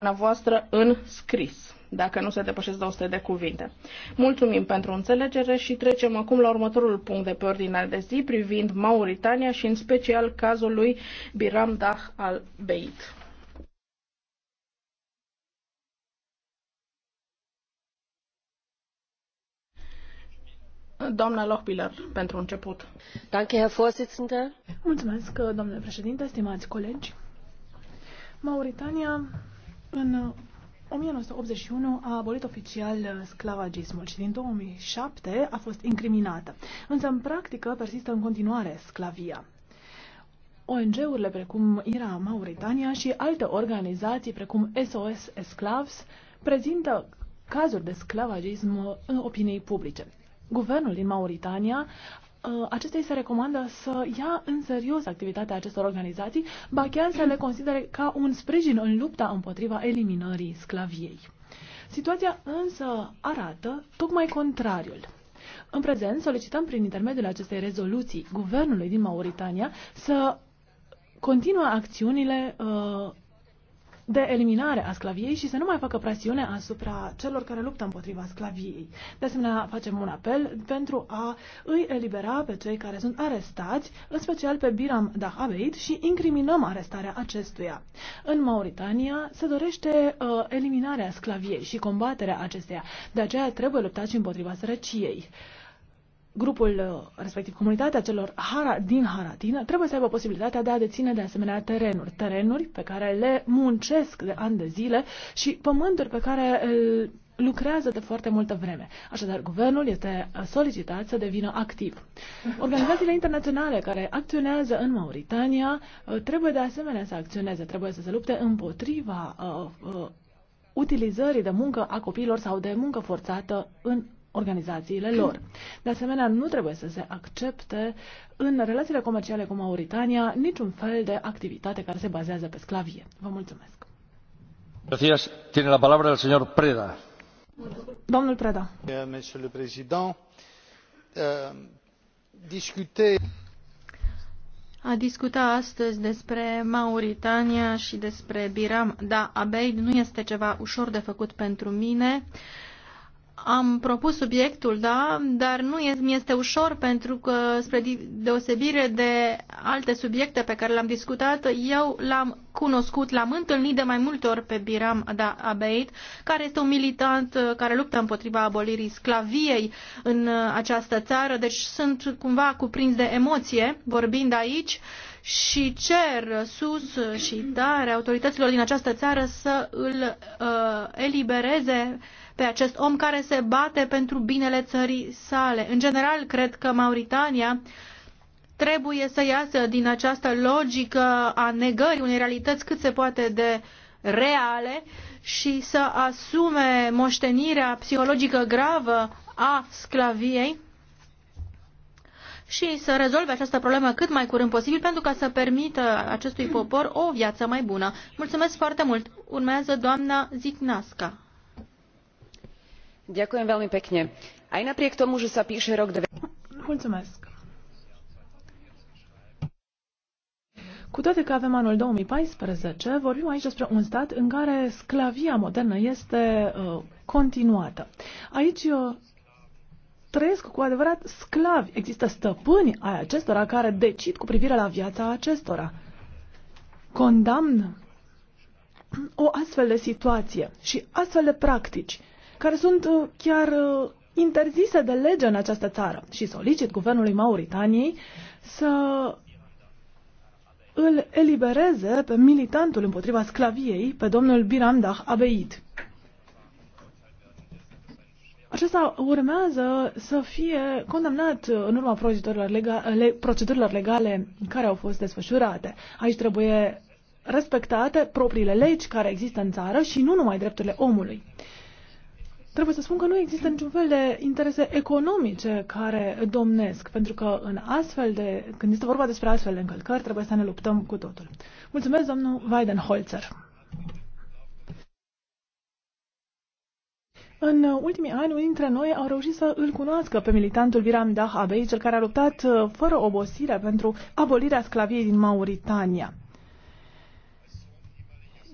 dumneavoastră în scris, dacă nu se depășesc 200 de cuvinte. Mulțumim pentru înțelegere și trecem acum la următorul punct de pe ordinea de zi privind Mauritania și în special cazul lui Biram Dah al Beit. Doamna Lochbiller, pentru început. Danke, Herr Vorsitzende. Mulțumesc, domnule președinte, stimați colegi. Mauritania în 1981 uh, a abolit oficial uh, sclavagismul și din 2007 a fost incriminată. Însă, în practică, persistă în continuare sclavia. ONG-urile precum IRA Mauritania și alte organizații precum SOS Esclavs prezintă cazuri de sclavagism în uh, opinii publice. Guvernul din Mauritania Uh, acestei se recomandă să ia în serios activitatea acestor organizații, ba chiar să le considere ca un sprijin în lupta împotriva eliminării sclaviei. Situația însă arată tocmai contrariul. În prezent solicităm prin intermediul acestei rezoluții guvernului din Mauritania să continuă acțiunile uh, de eliminare a sclaviei și să nu mai facă presiune asupra celor care luptă împotriva sclaviei. De asemenea, facem un apel pentru a îi elibera pe cei care sunt arestați, în special pe Biram Dahabeit și incriminăm arestarea acestuia. În Mauritania se dorește uh, eliminarea sclaviei și combaterea acesteia. De aceea trebuie luptați și împotriva sărăciei grupul uh, respectiv comunitatea celor hara, din Haratina trebuie să aibă posibilitatea de a deține de asemenea terenuri. Terenuri pe care le muncesc de ani de zile și pământuri pe care uh, lucrează de foarte multă vreme. Așadar, guvernul este uh, solicitat să devină activ. Organizațiile internaționale care acționează în Mauritania trebuie de asemenea să acționeze, trebuie să se lupte împotriva uh, uh, utilizării de muncă a copiilor sau de muncă forțată în organizațiile lor. De asemenea, nu trebuie să se accepte în relațiile comerciale cu Mauritania niciun fel de activitate care se bazează pe sclavie. Vă mulțumesc. Gracias. Tiene la palabra el señor Preda. Domnul Preda. Monsieur le Président, euh, discuter A discuta astăzi despre Mauritania și despre Biram Da Abeid nu este ceva ușor de făcut pentru mine. Uh, am propus subiectul, da, dar nu mi este ușor pentru că, spre deosebire de alte subiecte pe care le-am discutat, eu l-am cunoscut, l-am întâlnit de mai multe ori pe Biram da, Abeid, care este un militant uh, care luptă împotriva abolirii sclaviei în uh, această țară, deci sunt cumva cuprins de emoție vorbind aici și cer sus și tare autorităților din această țară să îl uh, elibereze pe acest om care se bate pentru binele țării sale. În general, cred că Mauritania trebuie să iasă din această logică a negării unei realități cât se poate de reale și să asume moștenirea psihologică gravă a sclaviei și să rezolve această problemă cât mai curând posibil pentru ca să permită acestui popor o viață mai bună. Mulțumesc foarte mult! Urmează doamna Zicnasca aj napriek tomu že sa píše rok. cu toate că avem anul 2014, vorbim aici despre un stat în care sclavia modernă este uh, continuată. Aici uh, trăiesc cu adevărat sclavi. Există stăpâni ai acestora care decid cu privire la viața acestora. Condamn o astfel de situație și astfel de practici. Uh, care sunt uh, chiar uh, interzise de lege în această țară și solicit guvernului Mauritaniei să îl elibereze pe militantul împotriva sclaviei, pe domnul Biramdah Abeid. Acesta urmează să fie condamnat în urma procedurilor, lega, le, procedurilor legale care au fost desfășurate. Aici trebuie respectate propriile legi care există în țară și nu numai drepturile omului. Trebuie să spun că nu există niciun fel de interese economice care domnesc, pentru că în astfel de, când este vorba despre astfel de încălcări, trebuie să ne luptăm cu totul. Mulțumesc, domnul Weidenholzer. În ultimii ani, unii dintre noi au reușit să îl cunoască pe militantul Viram Dah Abei, cel care a luptat uh, fără obosire pentru abolirea sclaviei din Mauritania.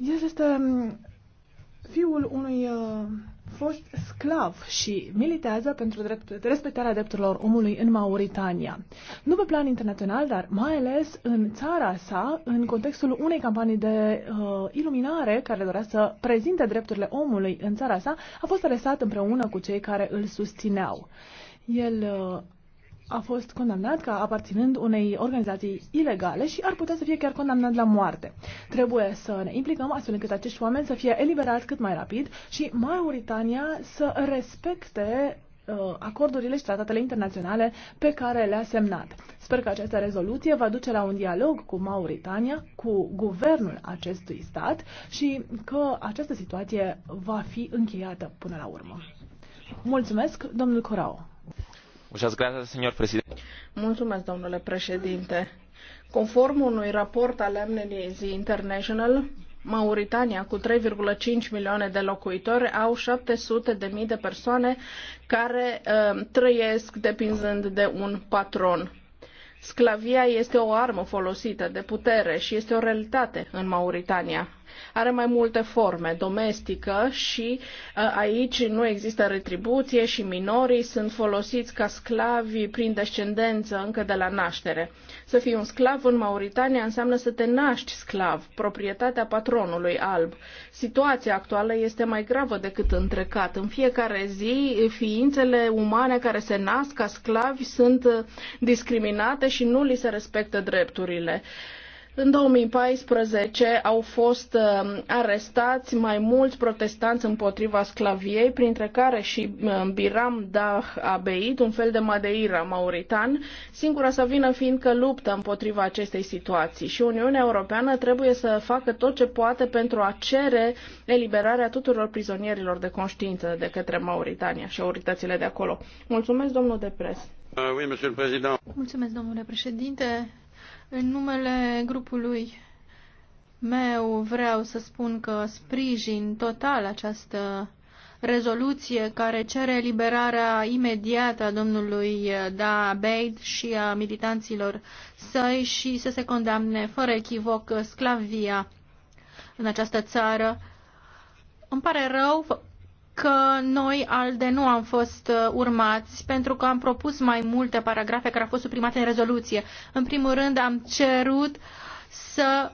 El este um, fiul unui uh, fost sclav și militează pentru drept, respectarea drepturilor omului în Mauritania. Nu pe plan internațional, dar mai ales în țara sa, în contextul unei campanii de uh, iluminare care dorea să prezinte drepturile omului în țara sa, a fost arestat împreună cu cei care îl susțineau. El uh, a fost condamnat ca aparținând unei organizații ilegale și ar putea să fie chiar condamnat la moarte. Trebuie să ne implicăm astfel încât acești oameni să fie eliberați cât mai rapid și Mauritania să respecte uh, acordurile și tratatele internaționale pe care le-a semnat. Sper că această rezoluție va duce la un dialog cu Mauritania, cu guvernul acestui stat și că această situație va fi încheiată până la urmă. Mulțumesc, domnul Corao. Mulțumesc, domnule președinte. Conform unui raport al Amnesty International, Mauritania, cu 3,5 milioane de locuitori, au 700.000 de mii de persoane care uh, trăiesc depinzând de un patron. Sclavia este o armă folosită de putere și este o realitate în Mauritania. Are mai multe forme, domestică și uh, aici nu există retribuție și minorii sunt folosiți ca sclavi prin descendență încă de la naștere. Să fii un sclav în Mauritania înseamnă să te naști sclav, proprietatea patronului alb. Situația actuală este mai gravă decât în trecut. În fiecare zi, ființele umane care se nasc ca sclavi sunt uh, discriminate și nu li se respectă drepturile. În 2014 au fost uh, arestați mai mulți protestanți împotriva sclaviei, printre care și uh, Biram Dah Abeid, un fel de Madeira mauritan, singura sa vină fiind că luptă împotriva acestei situații și Uniunea Europeană trebuie să facă tot ce poate pentru a cere eliberarea tuturor prizonierilor de conștiință de către Mauritania și autoritățile de acolo. Mulțumesc, domnul Depres. Uh, oui, Mulțumesc, domnule președinte. În numele grupului meu vreau să spun că sprijin total această rezoluție care cere eliberarea imediată a domnului Da Beid și a militanților săi și să se condamne fără echivoc sclavia în această țară. Îmi pare rău că noi, ALDE, nu am fost uh, urmați pentru că am propus mai multe paragrafe care au fost suprimate în rezoluție. În primul rând, am cerut să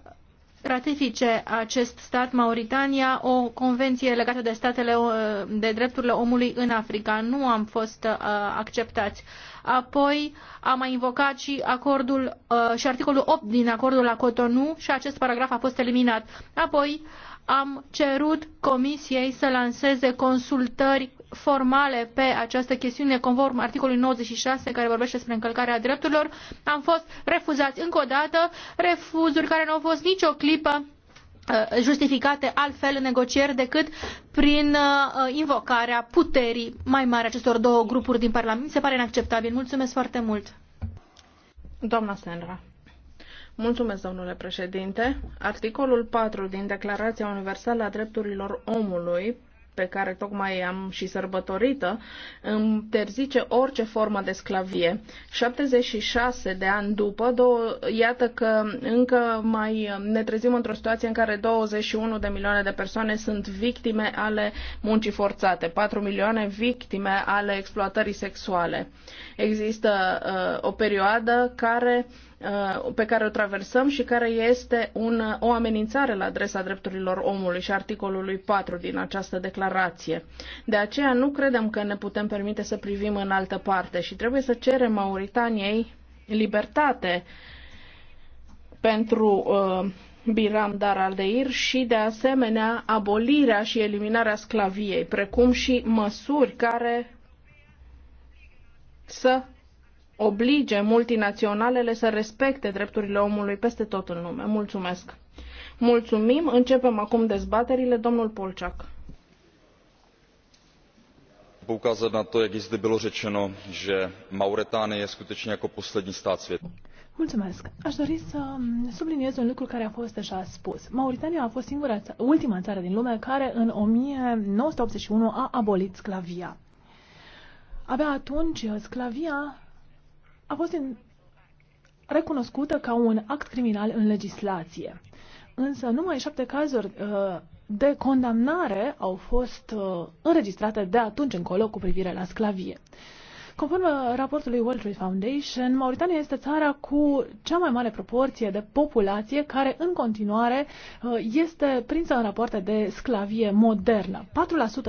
ratifice acest stat, Mauritania, o convenție legată de statele uh, de drepturile omului în Africa. Nu am fost uh, acceptați. Apoi am mai invocat și acordul uh, și articolul 8 din acordul la Cotonou și acest paragraf a fost eliminat. Apoi uh, am cerut Comisiei să lanseze consultări formale pe această chestiune conform articolului 96 care vorbește despre încălcarea drepturilor. Am fost refuzați încă o dată, refuzuri care nu au fost nicio clipă uh, justificate altfel în negocieri decât prin uh, uh, invocarea puterii mai mari acestor două grupuri din Parlament. Mi se pare inacceptabil. Mulțumesc foarte mult. Doamna Senra. Mulțumesc, domnule președinte. Articolul 4 din Declarația Universală a Drepturilor Omului pe care tocmai am și sărbătorită, interzice orice formă de sclavie. 76 de ani după, două, iată că încă mai ne trezim într-o situație în care 21 de milioane de persoane sunt victime ale muncii forțate, 4 milioane victime ale exploatării sexuale. Există uh, o perioadă care uh, Uh, pe care o traversăm și care este un, o amenințare la adresa drepturilor omului și articolului 4 din această declarație. De aceea nu credem că ne putem permite să privim în altă parte și trebuie să cerem Mauritaniei libertate pentru uh, Biram Dar Aldeir și, de asemenea, abolirea și eliminarea sclaviei, precum și măsuri care să oblige multinaționalele să respecte drepturile omului peste tot în lume. Mulțumesc! Mulțumim! Începem acum dezbaterile. Domnul Polceac. Poukázat na to, jak zde bylo řečeno, že Mauretánie je skutečně jako poslední stát světa. Mulțumesc. Aș dori să mm, subliniez un lucru care a fost deja spus. Mauritania a fost singura, ultima țară din lume care în 1981 a abolit sclavia. Abia atunci sclavia a fost în, recunoscută ca un act criminal în legislație. Însă numai șapte cazuri uh, de condamnare au fost uh, înregistrate de atunci încolo cu privire la sclavie. Uh, Conform uh, raportului World Trade Foundation, Mauritania este țara cu cea mai mare proporție de populație care în continuare uh, este prinsă în rapoarte de sclavie modernă, 4%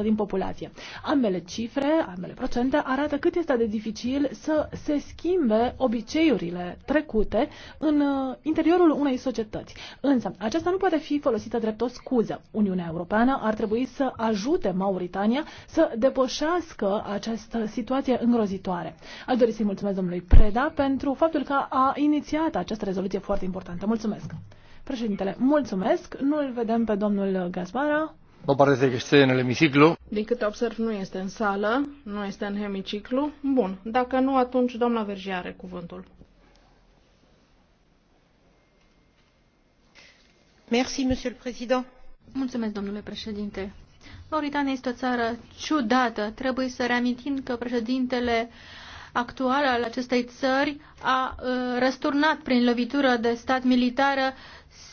din populație. Ambele cifre, ambele procente arată cât este de dificil să se schimbe obiceiurile trecute în uh, interiorul unei societăți. Însă, aceasta nu poate fi folosită drept o scuză. Uniunea Europeană ar trebui să ajute Mauritania să depășească această situație îngrozitoare viitoare. Aș dori să-i mulțumesc domnului Preda pentru faptul că a inițiat această rezoluție foarte importantă. Mulțumesc! Președintele, mulțumesc! nu îl vedem pe domnul Gazbara. Nu pare să este în hemiciclu. Din câte observ, nu este în sală, nu este în hemiciclu. Bun, dacă nu, atunci doamna Vergia are cuvântul. Merci, Mulțumesc, domnule președinte Mauritania este o țară ciudată. Trebuie să reamintim că președintele actual al acestei țări a uh, răsturnat prin lovitură de stat militară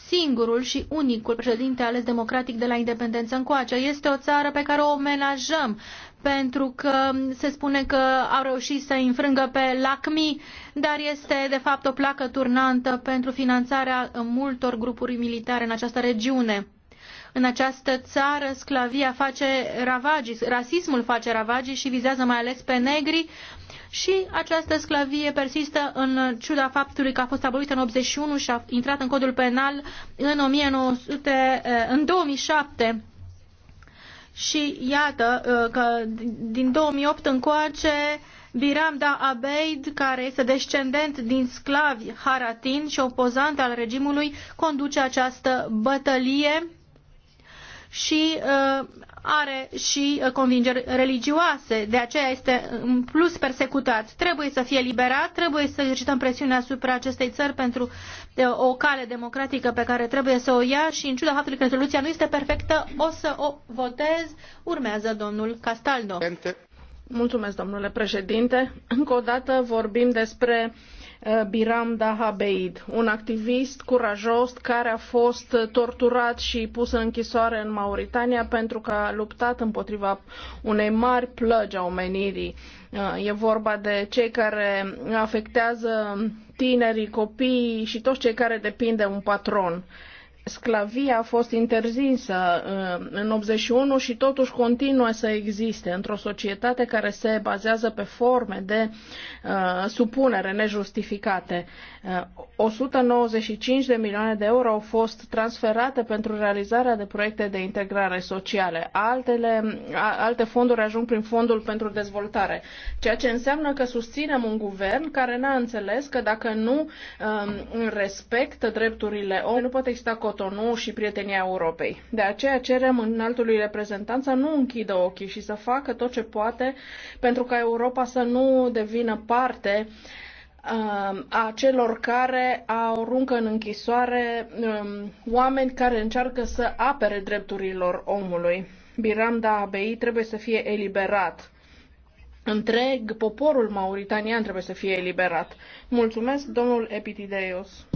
singurul și unicul președinte ales democratic de la independență încoace. Este o țară pe care o omenajăm pentru că se spune că au reușit să înfrângă pe LACMI, dar este de fapt o placă turnantă pentru finanțarea multor grupuri militare în această regiune. În această țară sclavia face ravagii, rasismul face ravagii și vizează mai ales pe negri și această sclavie persistă în ciuda faptului că a fost abolită în 81 și a intrat în codul penal în, 1900, eh, în 2007. Și iată eh, că din 2008 încoace Biramda Abeid, care este descendent din sclavi Haratin și opozant al regimului, conduce această bătălie și uh, are și uh, convingeri religioase, de aceea este în plus persecutat. Trebuie să fie liberat, trebuie să exercităm presiune asupra acestei țări pentru uh, o cale democratică pe care trebuie să o ia și în ciuda faptului că rezoluția nu este perfectă, o să o votez. Urmează domnul Castaldo. Mulțumesc, domnule președinte. Încă o dată vorbim despre Eh, Biram Dahabeid, un activist curajos care a fost torturat și pus în închisoare în Mauritania pentru că a luptat împotriva unei mari plăgi a omenirii. Eh, e vorba de cei care afectează tinerii, copiii și toți cei care depind de un patron sclavia a fost interzisă uh, în 81 și totuși continuă să existe într-o societate care se bazează pe forme de uh, supunere nejustificate. Uh, 195 de milioane de euro au fost transferate pentru realizarea de proiecte de integrare sociale. Altele, a, alte fonduri ajung prin fondul pentru dezvoltare, ceea ce înseamnă că susținem un guvern care n-a înțeles că dacă nu uh, respectă drepturile omului, nu poate exista cot Cotonou și prietenia Europei. De aceea cerem înaltului reprezentant să nu închidă ochii și să facă tot ce poate pentru ca Europa să nu devină parte um, a celor care aruncă în închisoare um, oameni care încearcă să apere drepturilor omului. Biramda Abei trebuie să fie eliberat. Întreg poporul mauritanian trebuie să fie eliberat. Mulțumesc, domnul Epitideios.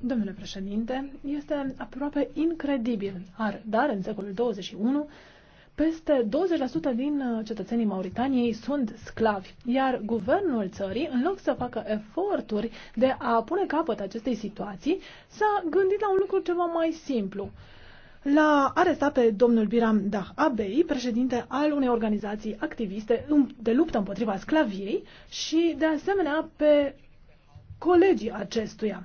Domnule președinte, este aproape incredibil, dar în secolul xxi peste douăzeci din uh, cetățenii Mauritaniei sunt sclavi, iar guvernul țării, în loc să facă eforturi de a pune capăt acestei situații, s-a gândit la un lucru ceva mai simplu. L-a arestat pe domnul Biram Dah Abei, președinte al unei organizații activiste de luptă împotriva sclaviei și, de asemenea, pe colegii acestuia.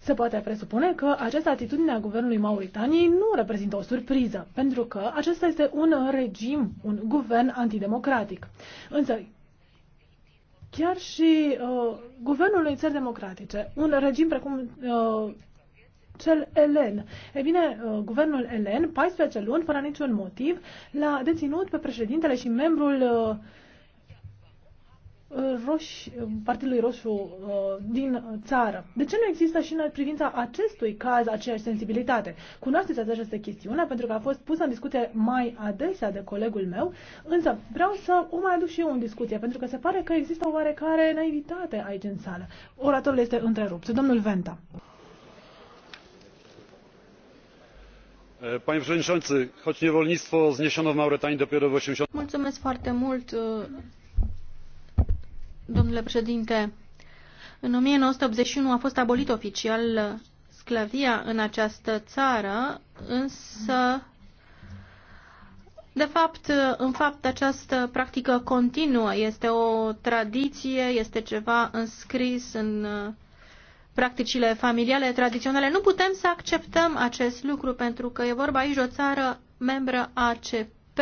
Se poate presupune că această atitudine a guvernului Mauritaniei nu reprezintă o surpriză, pentru că acesta este un regim, un guvern antidemocratic. Însă, chiar și uh, guvernul unei țări democratice, un regim precum uh, cel elen. E bine, uh, guvernul elen, 14 luni, fără niciun motiv, l-a deținut pe președintele și membrul uh, roși, Partidului Roșu uh, din țară. De ce nu există și în privința acestui caz aceeași sensibilitate? Cunoașteți această chestiune pentru că a fost pusă în discuție mai adesea de colegul meu, însă vreau să o mai aduc și eu în discuție pentru că se pare că există o oarecare naivitate aici în sală. Oratorul este întrerupt. Domnul Venta. Panie przewodniczący, choć niewolnictwo zniesiono w Mauretanii dopiero w 80. Mulțumesc foarte mult Domnule președinte, în 1981 a fost abolit oficial sclavia în această țară, însă, de fapt, în fapt, această practică continuă. Este o tradiție, este ceva înscris în uh, practicile familiale tradiționale. Nu putem să acceptăm acest lucru pentru că e vorba aici de o țară membră ACP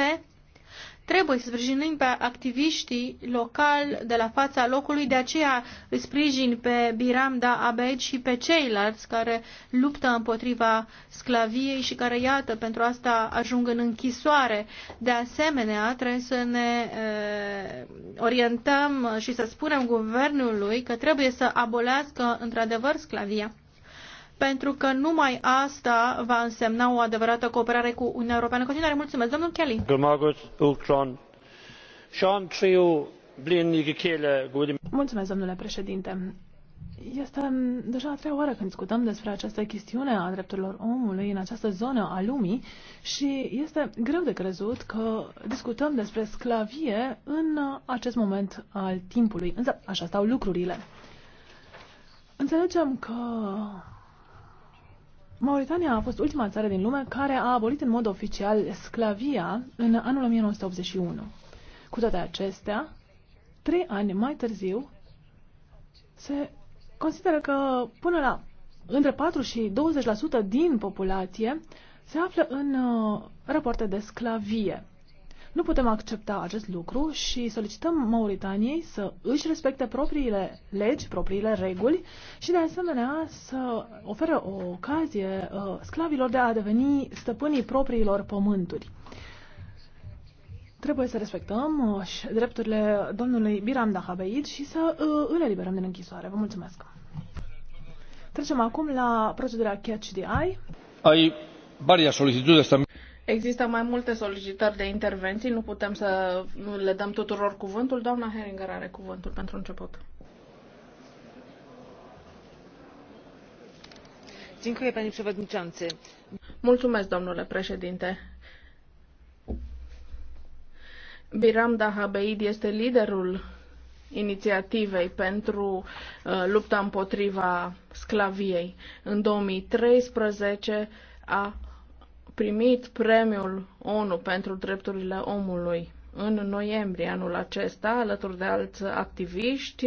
Trebuie să sprijinim pe activiștii locali de la fața locului, de aceea îi sprijin pe da Abed și pe ceilalți care luptă împotriva sclaviei și care, iată, pentru asta ajung în închisoare. De asemenea, trebuie să ne e, orientăm și să spunem guvernului că trebuie să abolească într-adevăr sclavia pentru că numai asta va însemna o adevărată cooperare cu Uniunea Europeană. continuare, mulțumesc. Domnul Kelly. Mulțumesc, domnule președinte. Este deja a treia oară când discutăm despre această chestiune a drepturilor omului în această zonă a lumii și este greu de crezut că discutăm despre sclavie în acest moment al timpului. Însă așa stau lucrurile. Înțelegem că Mauritania a fost ultima țară din lume care a abolit în mod oficial sclavia în anul 1981. Cu toate acestea, trei ani mai târziu, se consideră că până la între 4 și 20% din populație se află în uh, rapoarte de sclavie. Nu putem accepta acest lucru și solicităm Mauritaniei să își respecte propriile legi, propriile reguli și de asemenea să ofere o ocazie uh, sclavilor de a deveni stăpânii propriilor pământuri. Trebuie să respectăm uh, drepturile domnului Biram Dahabeid și să uh, îl eliberăm din închisoare. Vă mulțumesc! Trecem acum la procedura Catch the Eye. Ai varia solicitudes también. Există mai multe solicitări de intervenții, nu putem să le dăm tuturor cuvântul. Doamna Heringer are cuvântul pentru început. Mulțumesc, domnule președinte. Biram Dahabeid este liderul inițiativei pentru uh, lupta împotriva sclaviei. În 2013 a primit premiul ONU pentru drepturile omului în noiembrie anul acesta, alături de alți activiști,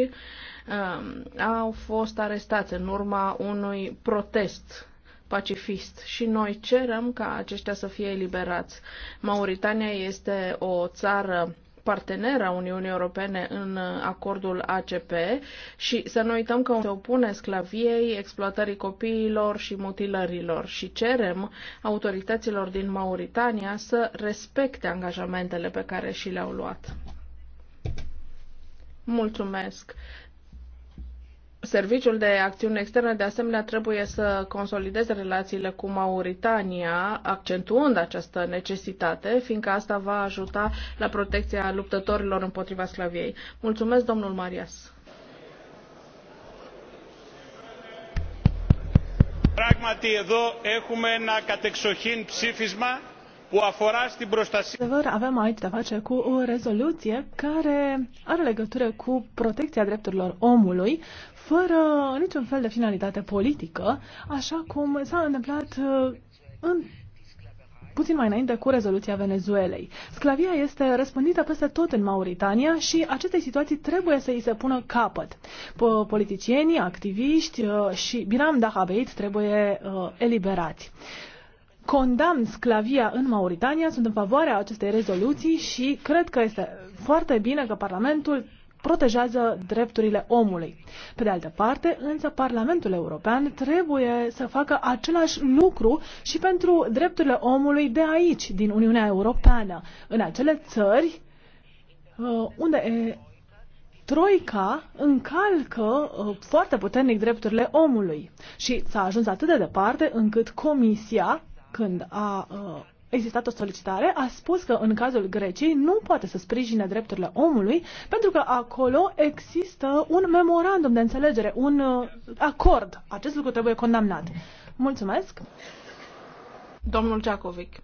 um, au fost arestați în urma unui protest pacifist și noi cerem ca aceștia să fie eliberați. Mauritania este o țară partener a Uniunii Europene în uh, acordul ACP și să nu uităm că se opune sclaviei, exploatării copiilor și mutilărilor și cerem autorităților din Mauritania să respecte angajamentele pe care și le-au luat. Mulțumesc. Serviciul de acțiune externă, de asemenea, trebuie să consolideze relațiile cu Mauritania, accentuând această necesitate, fiindcă asta va ajuta la protecția luptătorilor împotriva sclaviei. Mulțumesc, domnul Marias. Πράγματι εδώ έχουμε ένα κατεξοχήν ψήφισμα που αφορά στην προστασία. Adevăr, avem aici de face cu o rezoluție care are legătură cu protecția drepturilor omului, fără niciun fel de finalitate politică, așa cum s-a întâmplat uh, în puțin mai înainte cu rezoluția Venezuelei. Sclavia este răspândită peste tot în Mauritania și acestei situații trebuie să îi se pună capăt. Politicienii, activiști uh, și Biram Dahabeit trebuie uh, eliberați. Condamn sclavia în Mauritania, sunt în favoarea acestei rezoluții și cred că este foarte bine că Parlamentul protejează drepturile omului. Pe de altă parte, însă Parlamentul European trebuie să facă același lucru și pentru drepturile omului de aici, din Uniunea Europeană, în acele țări uh, unde e Troica încalcă uh, foarte puternic drepturile omului și s-a ajuns atât de departe încât Comisia, când a uh, existat o solicitare, a spus că în cazul Greciei nu poate să sprijine drepturile omului pentru că acolo există un memorandum de înțelegere, un uh, acord. Acest lucru trebuie condamnat. Mulțumesc. Domnul Jakovic.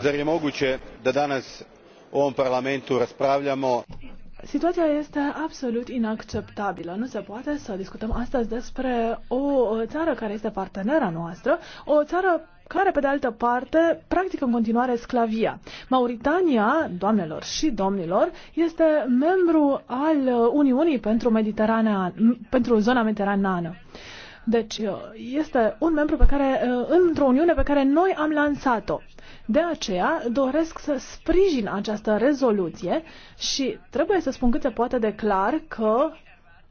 Zar je moguće da danas u ovom parlamentu raspravljamo Situația este absolut inacceptabilă. Nu se poate să discutăm astăzi despre o țară care este partenera noastră, o țară care, pe de altă parte, practică în continuare sclavia. Mauritania, doamnelor și domnilor, este membru al Uniunii pentru, pentru zona mediteraneană. Deci uh, este un membru pe care, uh, într-o uniune pe care noi am lansat-o. De aceea doresc să sprijin această rezoluție și trebuie să spun cât se poate de clar că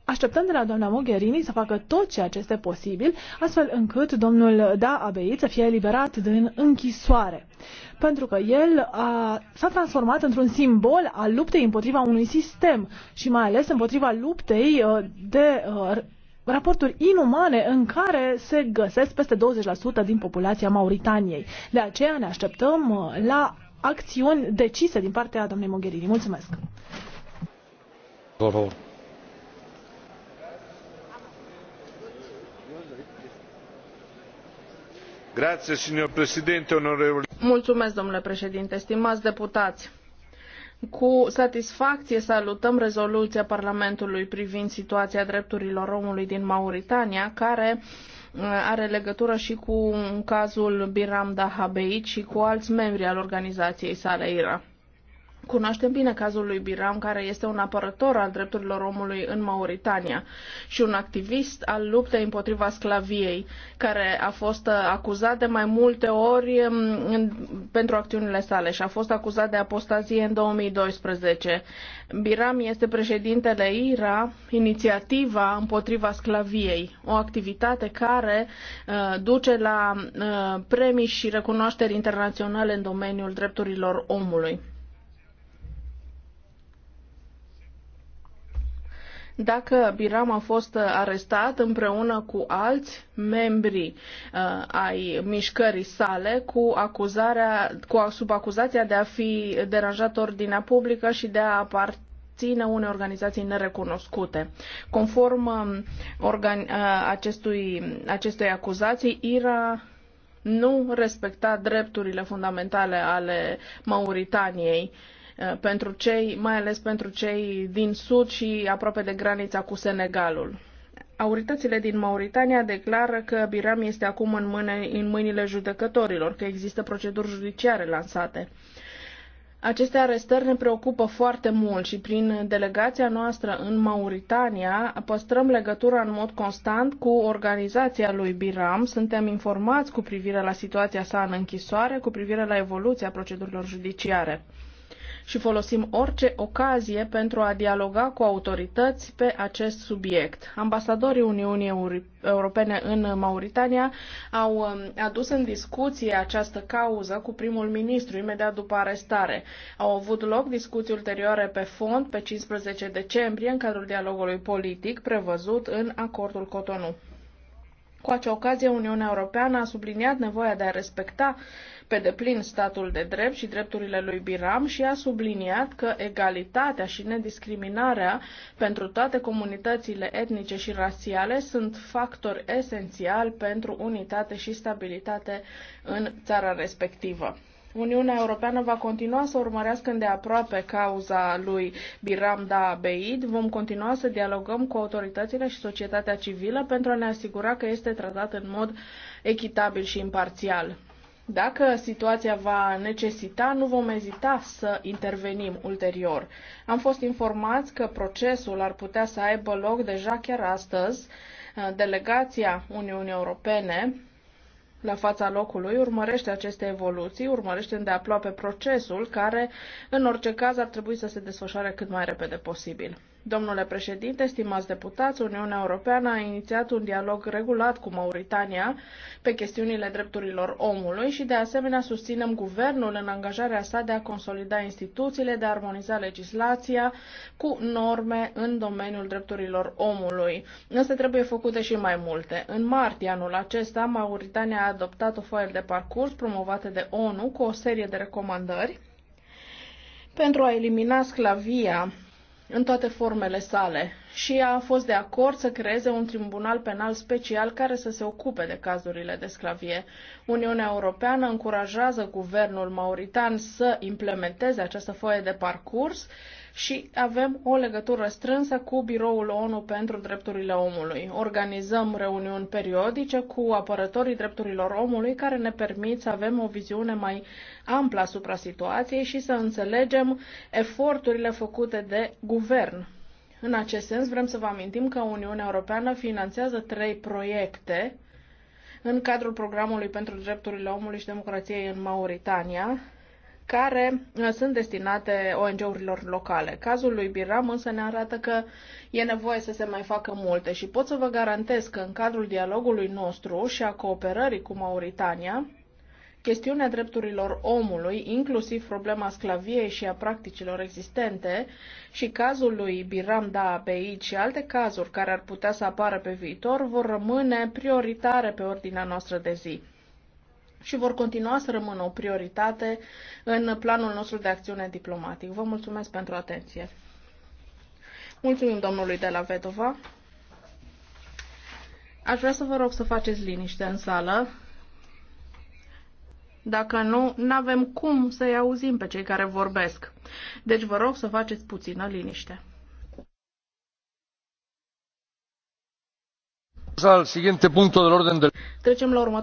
Așteptăm de la doamna Mogherini să facă tot ceea ce este posibil, astfel încât domnul Da Abeit să fie eliberat din închisoare. Pentru că el s-a transformat într-un simbol al luptei împotriva unui sistem și mai ales împotriva luptei uh, de raporturi inumane în care se găsesc peste 20% din populația Mauritaniei. De aceea ne așteptăm uh, la acțiuni decise din partea doamnei Mogherini. Mulțumesc! Por Grazie, signor Presidente, onorevoli. Mulțumesc, domnule președinte, stimați deputați cu satisfacție salutăm rezoluția Parlamentului privind situația drepturilor omului din Mauritania, care uh, are legătură și cu cazul Biram Dahabeit și cu alți membri al organizației sale IRA. Cunoaștem bine cazul lui Biram, care este un apărător al drepturilor omului în Mauritania și un activist al luptei împotriva sclaviei, care a fost uh, acuzat de mai multe ori um, în, pentru acțiunile sale și a fost acuzat de apostazie în 2012. Biram este președintele IRA, inițiativa împotriva sclaviei, o activitate care uh, duce la uh, premii și recunoașteri internaționale în domeniul drepturilor omului. dacă Biram a fost arestat împreună cu alți membri uh, ai mișcării sale cu acuzarea, cu, sub acuzația de a fi deranjat ordinea publică și de a aparține ține unei organizații nerecunoscute. Conform um, organ, uh, acestui, acestei acuzații, IRA nu respecta drepturile fundamentale ale Mauritaniei. Uh, Uh, pentru cei, mai ales pentru cei din sud și aproape de granița cu Senegalul. Autoritățile din Mauritania declară că Biram este acum în, mâne, în mâinile judecătorilor, că există proceduri judiciare lansate. Aceste arestări ne preocupă foarte mult și prin delegația noastră în Mauritania păstrăm legătura în mod constant cu organizația lui Biram. Suntem informați cu privire la situația sa în închisoare, cu privire la evoluția procedurilor judiciare și folosim orice ocazie pentru a dialoga cu autorități pe acest subiect. Ambasadorii Uniunii Europene în Mauritania au um, adus în discuție această cauză cu primul ministru imediat după arestare. Au avut loc discuții ulterioare pe fond pe 15 decembrie în cadrul dialogului politic prevăzut în acordul Cotonou. Cu acea ocazie, Uniunea Europeană a subliniat nevoia de a respecta pe deplin statul de drept și drepturile lui Biram și a subliniat că egalitatea și nediscriminarea pentru toate comunitățile etnice și rasiale sunt factori esențiali pentru unitate și stabilitate în țara respectivă. Uniunea Europeană va continua să urmărească îndeaproape cauza lui Biram Da Beid. Vom continua să dialogăm cu autoritățile și societatea civilă pentru a ne asigura că este tratat în mod echitabil și imparțial. Dacă situația va necesita, nu vom ezita să intervenim ulterior. Am fost informați că procesul ar putea să aibă loc deja chiar astăzi. Delegația Uniunii Europene la fața locului, urmărește aceste evoluții, urmărește îndeaproape procesul care, în orice caz, ar trebui să se desfășoare cât mai repede posibil. Domnule președinte, stimați deputați, Uniunea Europeană a inițiat un dialog regulat cu Mauritania pe chestiunile drepturilor omului și de asemenea susținem guvernul în angajarea sa de a consolida instituțiile, de a armoniza legislația cu norme în domeniul drepturilor omului. Însă trebuie făcute și mai multe. În martie anul acesta, Mauritania a adoptat o foaie de parcurs promovată de ONU cu o serie de recomandări pentru a elimina sclavia în toate formele sale și a fost de acord să creeze un tribunal penal special care să se ocupe de cazurile de sclavie. Uniunea Europeană încurajează guvernul mauritan să implementeze această foaie de parcurs și avem o legătură strânsă cu Biroul ONU pentru Drepturile Omului. Organizăm reuniuni periodice cu apărătorii drepturilor omului care ne permit să avem o viziune mai amplă asupra situației și să înțelegem eforturile făcute de guvern în acest sens, vrem să vă amintim că Uniunea Europeană finanțează trei proiecte în cadrul programului pentru drepturile omului și democrației în Mauritania, care uh, sunt destinate ONG-urilor locale. Cazul lui Biram însă ne arată că e nevoie să se mai facă multe și pot să vă garantez că în cadrul dialogului nostru și a cooperării cu Mauritania, chestiunea drepturilor omului, inclusiv problema sclaviei și a practicilor existente, și cazul lui Biram Da Abeit și alte cazuri care ar putea să apară pe viitor vor rămâne prioritare pe ordinea noastră de zi și vor continua să rămână o prioritate în planul nostru de acțiune diplomatic. Vă mulțumesc pentru atenție. Mulțumim domnului de la Vedova. Aș vrea să vă rog să faceți liniște în sală. Dacă nu, n-avem cum să-i auzim pe cei care vorbesc. Deci vă rog să faceți puțină liniște. Al siguiente punto del orden del... Trecem la următorul.